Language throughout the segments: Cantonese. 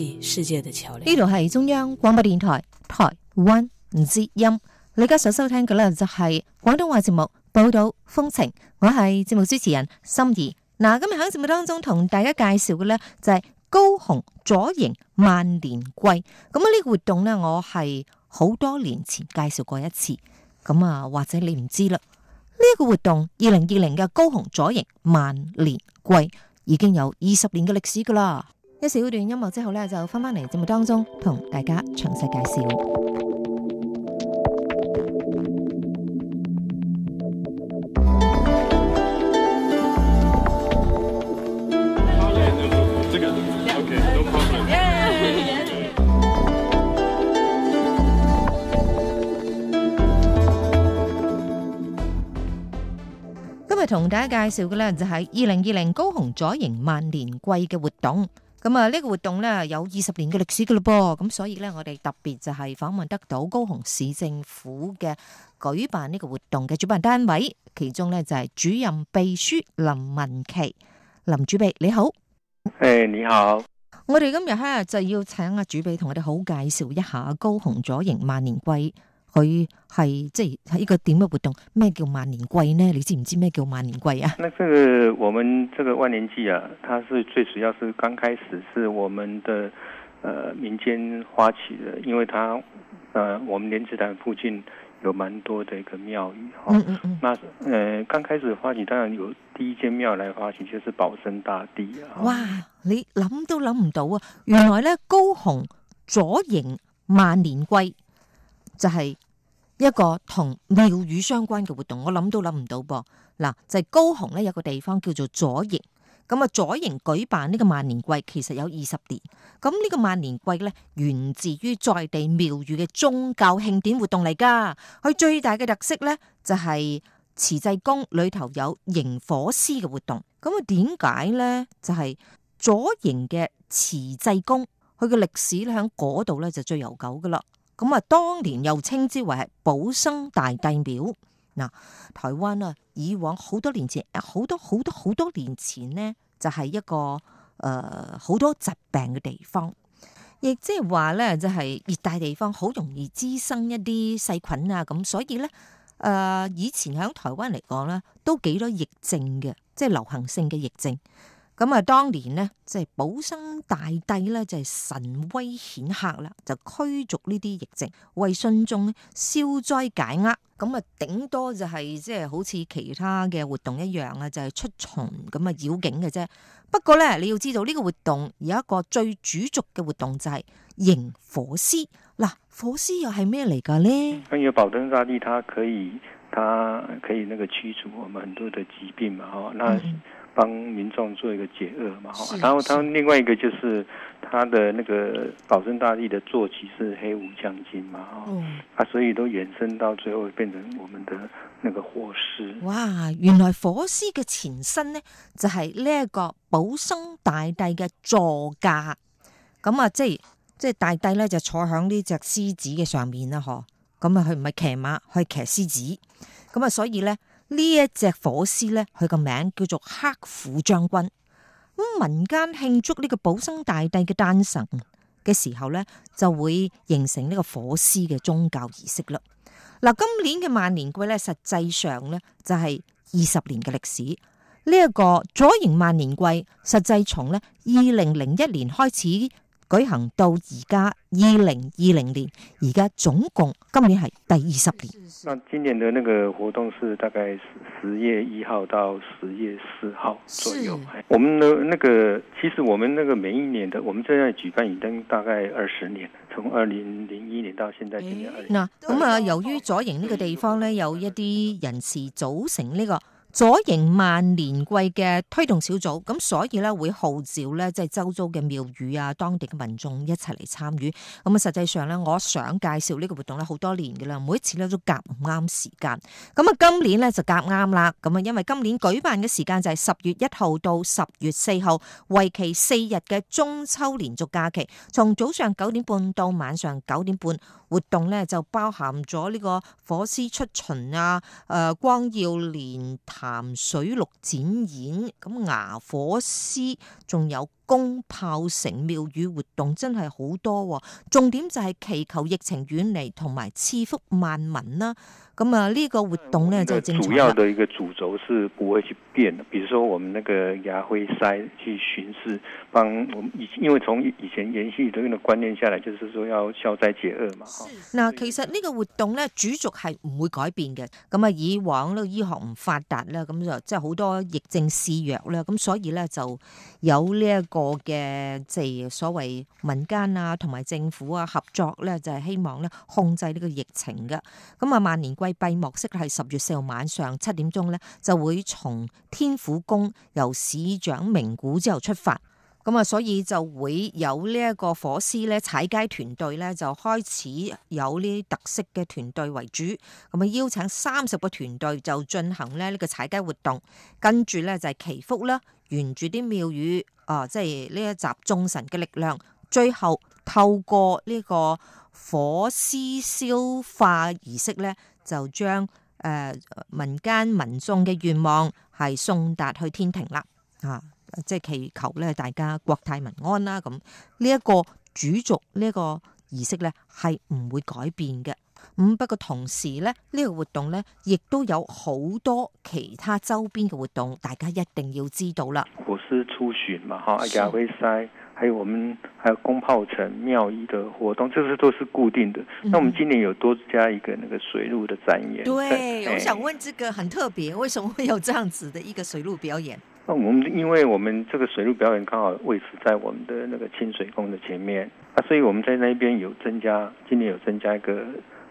呢度係中央廣播電台台灣唔知音。志欽，你而家所收聽嘅呢，就係廣東話節目《報道風情》，我係節目主持人心儀。嗱，今日喺節目當中同大家介紹嘅呢，就係高雄左營萬年季。咁啊，呢個活動呢，我係好多年前介紹過一次，咁啊或者你唔知啦。呢、呢個活動二零二零嘅高雄左營萬年季已經有二十年嘅歷史噶啦。一小段音樂之後呢，就返返嚟節目當中，同大家詳細介紹。今日同大家介紹嘅呢，就係二零二零高雄左營萬年季嘅活動。咁啊，呢個活動咧有二十年嘅歷史噶喇噃，咁所以咧我哋特別就係訪問得到高雄市政府嘅舉辦呢個活動嘅主辦單位，其中咧就係、是、主任秘書林文琪。林主秘你好，誒、hey，你好，我哋今日吓就要請阿主秘同我哋好介紹一下高雄左營萬年季。佢係即係一個點嘅活動？咩叫萬年季呢？你知唔知咩叫萬年季啊？那這個我們這個萬年季啊，它是最主要是剛開始是我們的，呃，民間發起嘅，因為它，呃，我們蓮池潭附近有蠻多的一個廟宇，嗯嗯嗯，那，呃，剛開始發起，當然有第一間廟來發起，就是保生大帝啊。哇，你諗都諗唔到啊！原來咧高雄、左營萬年季。就係一個同廟宇相關嘅活動，我諗都諗唔到噃。嗱，就係、是、高雄咧有個地方叫做左營，咁啊左營舉辦呢個萬年季，其實有二十年。咁、這、呢個萬年季咧源自於在地廟宇嘅宗教慶典活動嚟噶。佢最大嘅特色咧就係、是、慈濟宮裏頭有迎火獅嘅活動。咁啊點解咧？就係、是、左營嘅慈濟宮，佢嘅歷史咧喺嗰度咧就最悠久噶啦。咁啊，當年又稱之為係保生大帝廟嗱。台灣啊，以往好多年前，好多好多好多年前咧，就係一個誒好，呃、多疾病嘅地方，亦即係話咧就係熱帶地方好容易滋生一啲細菌啊，咁所以咧誒、呃、以前喺台灣嚟講咧都幾多疫症嘅，即係流行性嘅疫症。咁啊，當年咧，即係保生大帝咧，就係神威顯赫啦，就驅逐呢啲疫症，為信眾消災解厄。咁啊，頂多就係即係好似其他嘅活動一樣啊，就係、是、出巡咁啊，遶境嘅啫。不過咧，你要知道呢、這個活動有一個最主族嘅活動就係迎火獅。嗱，火獅又係咩嚟㗎咧？因為保生大帝，他可以，他可以呢個驅逐我們很多的疾病嘛。哦，那。幫民眾做一個解厄嘛是是然，然後他另外一個就是他的那個保生大帝的坐騎是黑虎將軍嘛，嗯、啊，所以都延伸到最後變成我們的那個火獅。哇，原來火獅嘅前身呢，就係呢一個保生大帝嘅座駕，咁、嗯、啊、嗯，即係即係大帝咧就坐響呢隻獅子嘅上面啦，嗬，咁啊，佢唔係騎馬，佢係騎獅子，咁啊，所以咧。呢一隻火獅咧，佢個名叫做黑虎將軍。咁民間慶祝呢個保生大帝嘅誕辰嘅時候咧，就會形成呢個火獅嘅宗教儀式啦。嗱，今年嘅萬年季咧，實際上咧就係二十年嘅歷史。呢、這、一個左營萬年季，實際從咧二零零一年開始。舉行到而家二零二零年，而家總共今年係第二十年。那今年的那個活動是大概十月一號到十月四號左右。是我們的那個其實我們那個每一年的，我們正在舉辦已經大概二十年，從二零零一年到現在今年二十年。嗱咁啊，由於左營呢個地方呢，有一啲人士組成呢個。左營萬年季嘅推動小組，咁所以咧，會號召咧即係周遭嘅廟宇啊，當地嘅民眾一齊嚟參與。咁啊，實際上咧，我想介紹呢個活動咧好多年噶啦，每一次咧都夾唔啱時間。咁啊，今年咧就夾啱啦。咁啊，因為今年舉辦嘅時間就係十月一號到十月四號，為期四日嘅中秋連續假期，從早上九點半到晚上九點半，活動咧就包含咗呢個火獅出巡啊，誒、呃、光耀蓮。咸水陸展演，咁迓火獅，仲有。攻炮城、廟宇活動真係好多，哦，重點就係祈求疫情遠離同埋賜福萬民啦。咁啊，呢個活動呢，就主要嘅一個主軸是不會去變，比如說我們那個迓火獅，去巡視，幫我們以因為從以前延續對應嘅觀念下來，就是說要消災解厄嘛。哈，嗱，其實呢個活動呢，主軸係唔會改變嘅。咁啊，以往呢個醫學唔發達啦，咁就即係好多疫症肆虐啦，咁所以呢，就有呢、這、一個。.我嘅即係所謂民間啊，同埋政府啊合作咧，就係、是、希望咧控制呢個疫情嘅。咁、嗯、啊，萬年季閉幕式係十月四號晚上七點鐘咧，就會從天府宮由市長鳴鼓之後出發。咁、嗯、啊，所以就會有呢一個火獅咧踩街團隊咧，就開始有呢啲特色嘅團隊為主，咁啊、嗯，邀請三十個團隊就進行咧呢、這個踩街活動，跟住咧就係、是、祈福啦，沿住啲廟宇。啊，即係呢一集眾神嘅力量，最後透過呢個火獅燒化儀式咧，就將誒、呃、民間民眾嘅願望係送達去天庭啦。啊，即係祈求咧，大家國泰民安啦。咁呢一個主軸呢個儀式咧，係唔會改變嘅。咁、嗯、不過同時呢，呢、這個活動呢，亦都有好多其他周邊嘅活動，大家一定要知道啦。我是出巡嘛，吓，迓火獅，還有我們，還有攻炮城、廟宇的活動，這是、個、都是固定的。嗯、那我們今年有多加一個那個水陸的展演。對，嗯、我想問，這個很特別，為什麼會有這樣子的一個水陸表演？啊，我們因為我們這個水陸表演，剛好位置在我們的那個清水宮的前面，啊，所以我們在那邊有增加，今年有增加一個。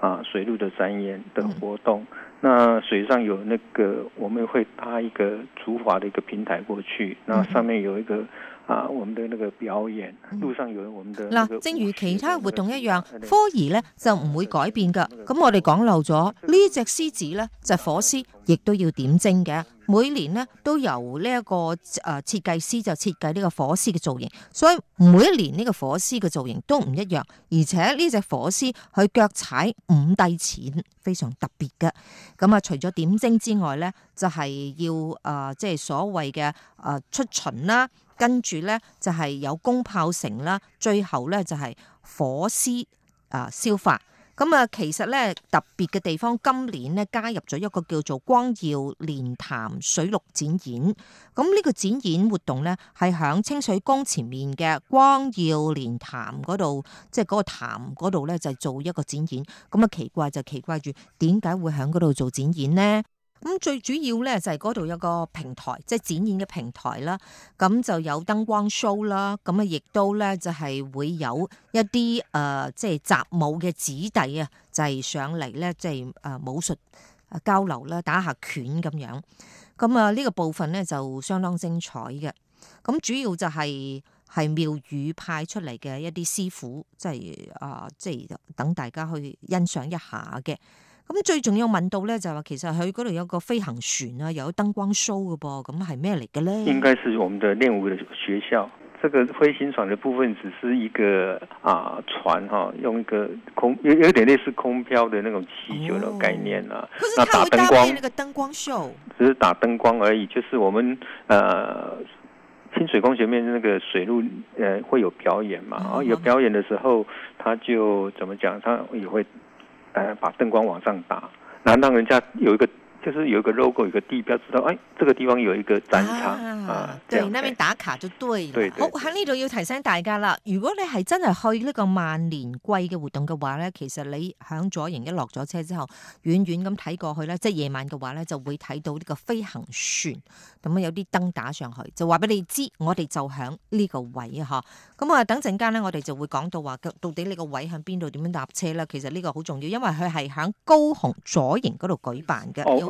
啊，水路的展演等活動，那水上有那個我們會搭一個竹筏的一個平台過去，那上面有一個啊我們的那個表演，路上有我們的嗱，正如其他活動一樣，科儀咧就唔會改變噶，咁我哋講漏咗呢隻獅子咧就係火獅，亦都要點睛嘅。每年咧都由呢一個誒設計師就設計呢個火獅嘅造型，所以每一年呢個火獅嘅造型都唔一樣，而且呢隻火獅佢腳踩五帝錢，非常特別嘅。咁啊，除咗點睛之外咧，就係、是、要誒即係所謂嘅誒、呃、出巡啦，跟住咧就係、是、有攻炮城啦，最後咧就係、是、火獅啊、呃、燒化。咁啊，其實咧特別嘅地方，今年咧加入咗一個叫做光耀蓮潭水陸展演。咁、這、呢個展演活動咧，係喺清水宮前面嘅光耀蓮潭嗰度，即係嗰個潭嗰度咧，就做一個展演。咁啊奇怪就奇怪住，點解會喺嗰度做展演咧？咁最主要咧就係嗰度有一個平台，即係展演嘅平台啦。咁就有燈光 show 啦。咁啊，亦都咧就係會有一啲誒，即係習武嘅子弟啊，就係上嚟咧，即係誒武術啊交流啦，打下拳咁樣。咁啊，呢個部分咧就相當精彩嘅。咁主要就係係廟宇派出嚟嘅一啲師傅，即係誒，即係等大家去欣賞一下嘅。咁最重要問到呢，就係話其實佢嗰度有個飛行船啊，有燈光 show 嘅噃，咁係咩嚟嘅呢？應該是我們的練舞的學校，這個飛行船的部分只是一個啊船哈，用一個空有有點類似空飄的那種氣球的概念啊，可、哦、是佢會搭配那個燈光秀，只是打燈光而已。就是我們呃清水公園面那個水路，呃會有表演嘛，然後、嗯哦、有表演的時候，他就怎麼講，他也會。誒，把燈光往上打，難道人家有一個？就是有一個 logo，有個地標，知道誒、哎，這個地方有一個展場啊，你樣對那邊打卡就對。對對對，好，喺呢度要提醒大家啦，如果你係真係去呢個萬年季嘅活動嘅話咧，其實你響左營一落咗車之後，遠遠咁睇過去咧，即係夜晚嘅話咧，就會睇到呢個飛行船，咁啊有啲燈打上去，就話俾你知，我哋就響呢個位啊，吓。咁啊，等陣間咧，我哋就會講到話，到底你個位響邊度，點樣搭車啦？其實呢個好重要，因為佢係響高雄左營嗰度舉辦嘅。哦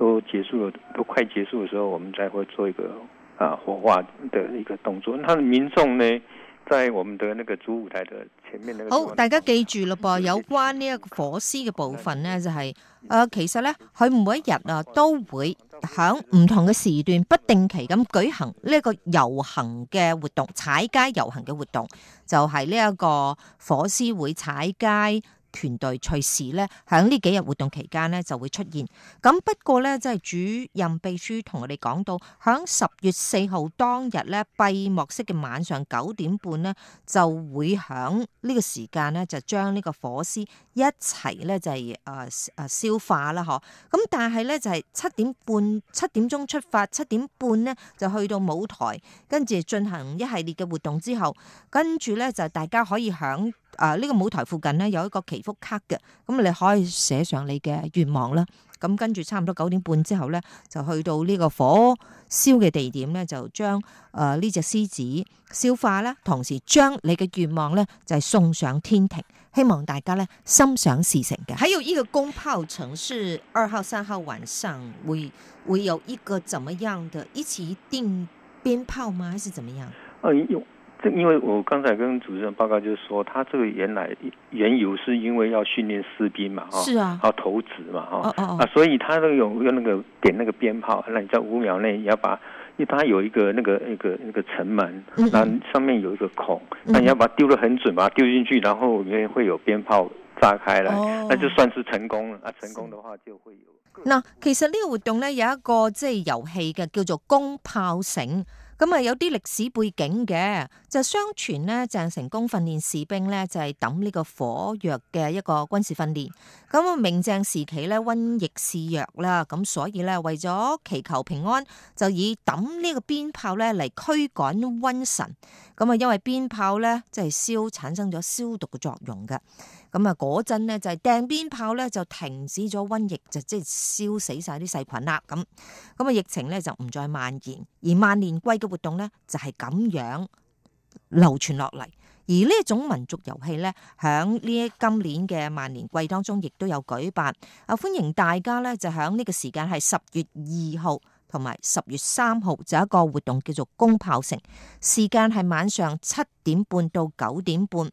都結束了，都快結束的時候，我們才會做一個啊火化的一個動作。那民眾呢，在我們的那個主舞台的前面。好，大家記住咯噃，有關呢一個火獅嘅部分呢，就係誒，其實呢佢每一日啊都會喺唔同嘅時段不定期咁舉行呢一個遊行嘅活動，踩街遊行嘅活動，就係呢一個火獅會踩街。團隊隨時咧，喺呢幾日活動期間咧就會出現。咁不過咧，即係主任秘書同我哋講到，喺十月四號當日咧閉幕式嘅晚上九點半咧，就會喺呢個時間咧就將呢個火獅一齊咧就係啊啊消化啦嗬。咁但係咧就係七點半七點鐘出發，七點半咧就去到舞台，跟住進行一系列嘅活動之後，跟住咧就大家可以響。啊！呢、這個舞台附近呢，有一個祈福卡嘅，咁、嗯、你可以寫上你嘅願望啦。咁、嗯、跟住差唔多九點半之後呢，就去到呢個火燒嘅地點呢，就將誒呢隻獅子消化啦，同時將你嘅願望呢，就係、是、送上天庭，希望大家呢心想事成嘅。還有呢個攻炮城是二號、三號晚上會會有一個怎麼樣的？一起定鞭炮嗎？還是怎麼樣？嗯因為我剛才跟主持人報告，就是說，他這個原來原由是因為要訓練士兵嘛，哈、啊，要投擲嘛，哈、哦，哦、啊，所以他都有用那個點那個鞭炮，那你在五秒內你要把，因為他有一個那個那個那個城、那個、門，那上面有一個孔，那你要把它丟得很準嘛，丟進去，然後裏面會有鞭炮炸開來，哦、那就算是成功，啊，成功的話就會有。那其實呢個活動呢，有一個即係遊戲嘅，叫做攻炮城。咁啊、嗯，有啲歷史背景嘅，就相傳咧鄭成功訓練士兵咧就係抌呢個火藥嘅一個軍事訓練，咁、嗯、啊，明鄭時期咧瘟疫肆虐啦，咁、嗯、所以咧為咗祈求平安，就以抌呢個鞭炮咧嚟驅趕瘟神。咁、嗯、啊，因為鞭炮咧即係燒產生咗消毒嘅作用嘅。咁、嗯、啊，陣真咧就係掟鞭炮咧就停止咗瘟疫，就即係燒死晒啲細菌啦。咁咁啊，疫情咧就唔再蔓延，而萬年季嘅。活動咧就係咁樣流傳落嚟，而呢一種民族遊戲咧，響呢今年嘅萬年季當中，亦都有舉辦啊！歡迎大家咧就響呢個時間係十月二號同埋十月三號，就一個活動叫做攻炮城，時間係晚上七點半到九點半。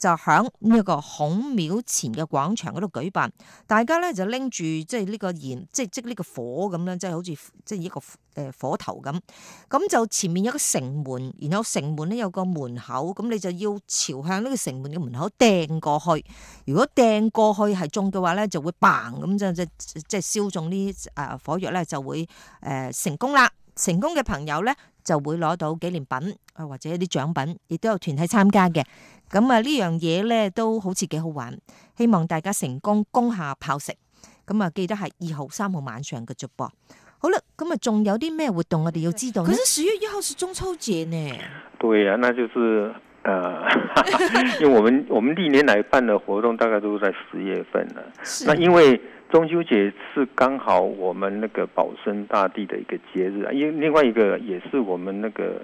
就喺呢一個孔廟前嘅廣場嗰度舉辦，大家咧就拎住即係呢個燃，即係即呢個火咁啦，即係好似即係一個誒火頭咁。咁就前面有個城門，然後城門咧有個門口，咁你就要朝向呢個城門嘅門口掟過去。如果掟過去係中嘅話咧，就會嘭咁即係即即係燒中火藥呢誒火藥咧，就會誒成功啦。成功嘅朋友咧就會攞到紀念品或者一啲獎品，亦都有團體參加嘅。咁啊，樣呢樣嘢咧都好似幾好玩，希望大家成功攻下炮城。咁啊，記得係二號、三號晚上嘅直播好啦，咁啊，仲有啲咩活動我哋要知道呢？對可是十月一號是中秋節呢？對啊，那就是，誒、呃， 因為我們我們歷年來辦的活動大概都在十月份啦。 那因為中秋節是剛好我們那個保生大帝的一個節日，因另外一個也是我們那個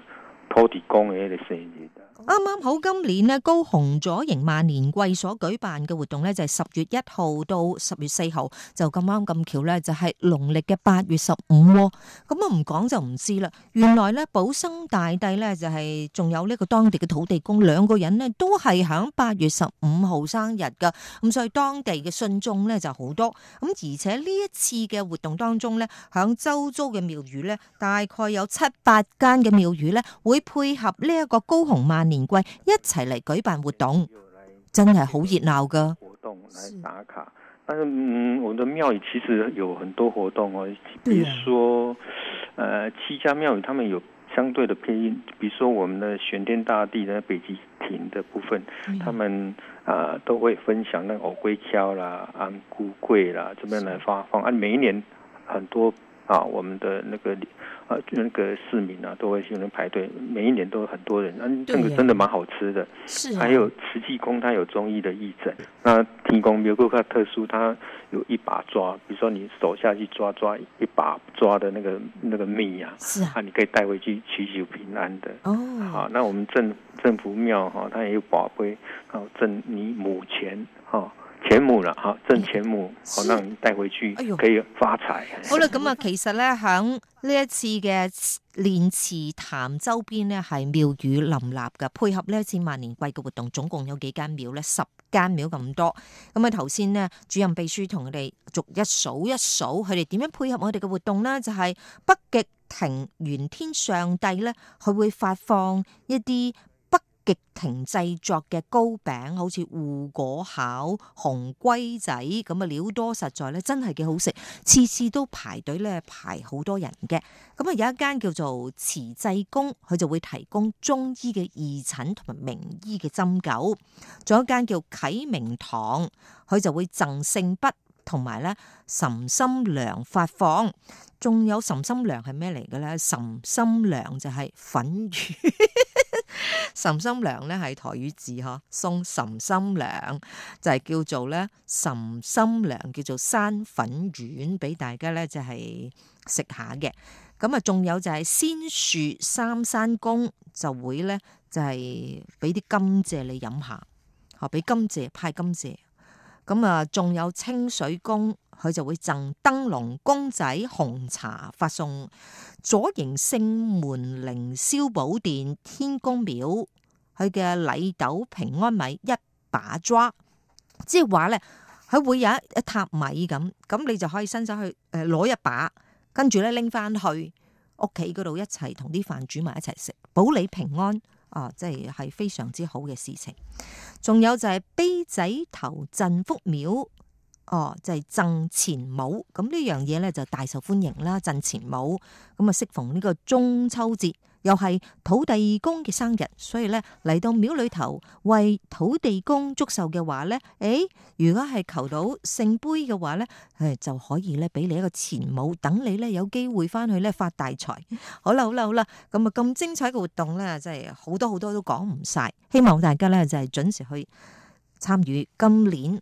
土地公爺的生日。啱啱好今年咧高雄左營萬年季所舉辦嘅活動咧就係十月一號到十月四號，就咁啱咁巧咧就係農曆嘅八月十五，哦，咁啊唔講就唔知啦。原來咧保生大帝咧就係仲有呢個當地嘅土地公兩個人咧都係響八月十五號生日噶，咁所以當地嘅信眾咧就好多。咁而且呢一次嘅活動當中咧，響周遭嘅廟宇咧大概有七八間嘅廟宇咧會配合呢一個高雄萬。年季一齊嚟舉辦活動，真係好熱鬧噶！活動來打卡，但是嗯，我們的廟宇其實有很多活動哦，比如說，呃七家廟宇他們有相對的配音，比如說我們的玄天大帝、呢北極亭的部分，他們啊、呃、都會分享那個藕桂敲啦、安菇桂啦，這邊來發放，按是每一年很多。啊，我們的那個啊，就、呃、那個市民啊，都會去那排隊，每一年都有很多人，啊，這耶個真的蠻好吃的。是、啊。還有慈濟宮，它有中醫的義診，那天公廟比較特殊，它有一把抓，比如說你手下去抓抓一把抓的那個那個蜜啊，是啊，啊，你可以帶回去祈求平安的。哦。好。那我們鎮鎮府廟哈、啊，它也有寶貝，哦、啊、鎮你母錢哈。啊錢母啦，吓，真錢母，可能帶回去哎可以發財。好啦、哎，咁啊，其實咧，響呢一次嘅蓮池潭周邊咧係廟宇林立嘅，配合呢一次萬年季嘅活動，總共有幾間廟咧，十間廟咁多。咁啊，頭先咧，主任秘書同我哋逐一數一數，佢哋點樣配合我哋嘅活動咧？就係、是、北極亭玄天上帝咧，佢會發放一啲。極庭製作嘅糕餅，好似芋粿巧、紅龜仔咁啊，料多實在咧，真係幾好食，次次都排隊咧排好多人嘅。咁啊，有一間叫做慈濟宮，佢就會提供中醫嘅義診同埋名醫嘅針灸；仲有一間叫啟明堂，佢就會贈聖筆同埋咧岑心良發放。仲有岑心良係咩嚟嘅咧？岑心良就係粉乳。 岑心涼咧係台語字嗬，送岑心涼就係、是、叫做咧岑心涼，叫做山粉丸俾大家咧就係食下嘅。咁啊，仲有就係仙樹三山公就會咧就係俾啲甘蔗你飲下，吓俾甘蔗派甘蔗。咁啊，仲有清水公。佢就會贈燈籠、公仔、紅茶，發送左營聖門凌霄寶殿天公廟佢嘅禮斗平安米一把抓，即係話咧，佢會有一一塔米咁，咁你就可以伸手去誒攞、呃、一把，跟住咧拎翻去屋企嗰度一齊同啲飯煮埋一齊食，保你平安啊！即係係非常之好嘅事情。仲有就係埤仔頭鎮福廟。哦，就係贈錢帽，咁呢樣嘢咧就大受歡迎啦。贈錢帽，咁啊適逢呢個中秋節，又係土地公嘅生日，所以咧嚟到廟裏頭為土地公祝壽嘅話咧，誒、哎，如果係求到聖杯嘅話咧，誒、哎、就可以咧俾你一個錢帽，等你咧有機會翻去咧發大財。好啦，好啦，好啦，咁啊咁精彩嘅活動咧，真係好多好多都講唔晒，希望大家咧就係、是、準時去參與今年。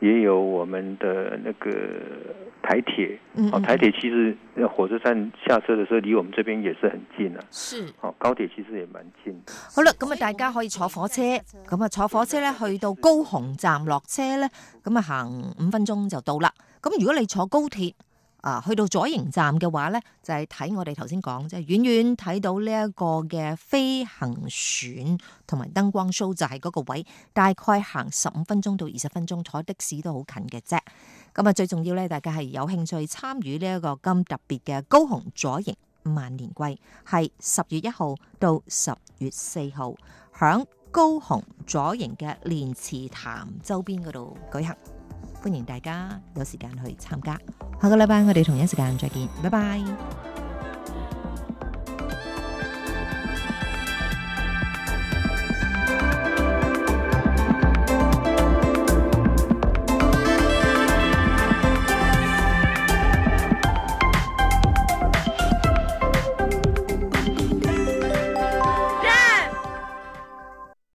也有我們的那個台鐵，哦，台鐵其實火車站下車的時候，離我們這邊也是很近啊。是，哦，高鐵其實也蠻近。好啦，咁啊大家可以坐火車，咁啊坐火車咧去到高雄站落車咧，咁啊行五分鐘就到啦。咁如果你坐高鐵。啊，去到左營站嘅話咧，就係睇我哋頭先講啫，遠遠睇到呢一個嘅飛行船同埋燈光 show 就係嗰個位，大概行十五分鐘到二十分鐘，坐的士都好近嘅啫。咁啊，最重要咧，大家係有興趣參與呢一個咁特別嘅高雄左營萬年季，係十月一號到十月四號，響高雄左營嘅蓮池潭周邊嗰度舉行。歡迎大家有時間去參加，下個禮拜我哋同一時間再見，拜拜。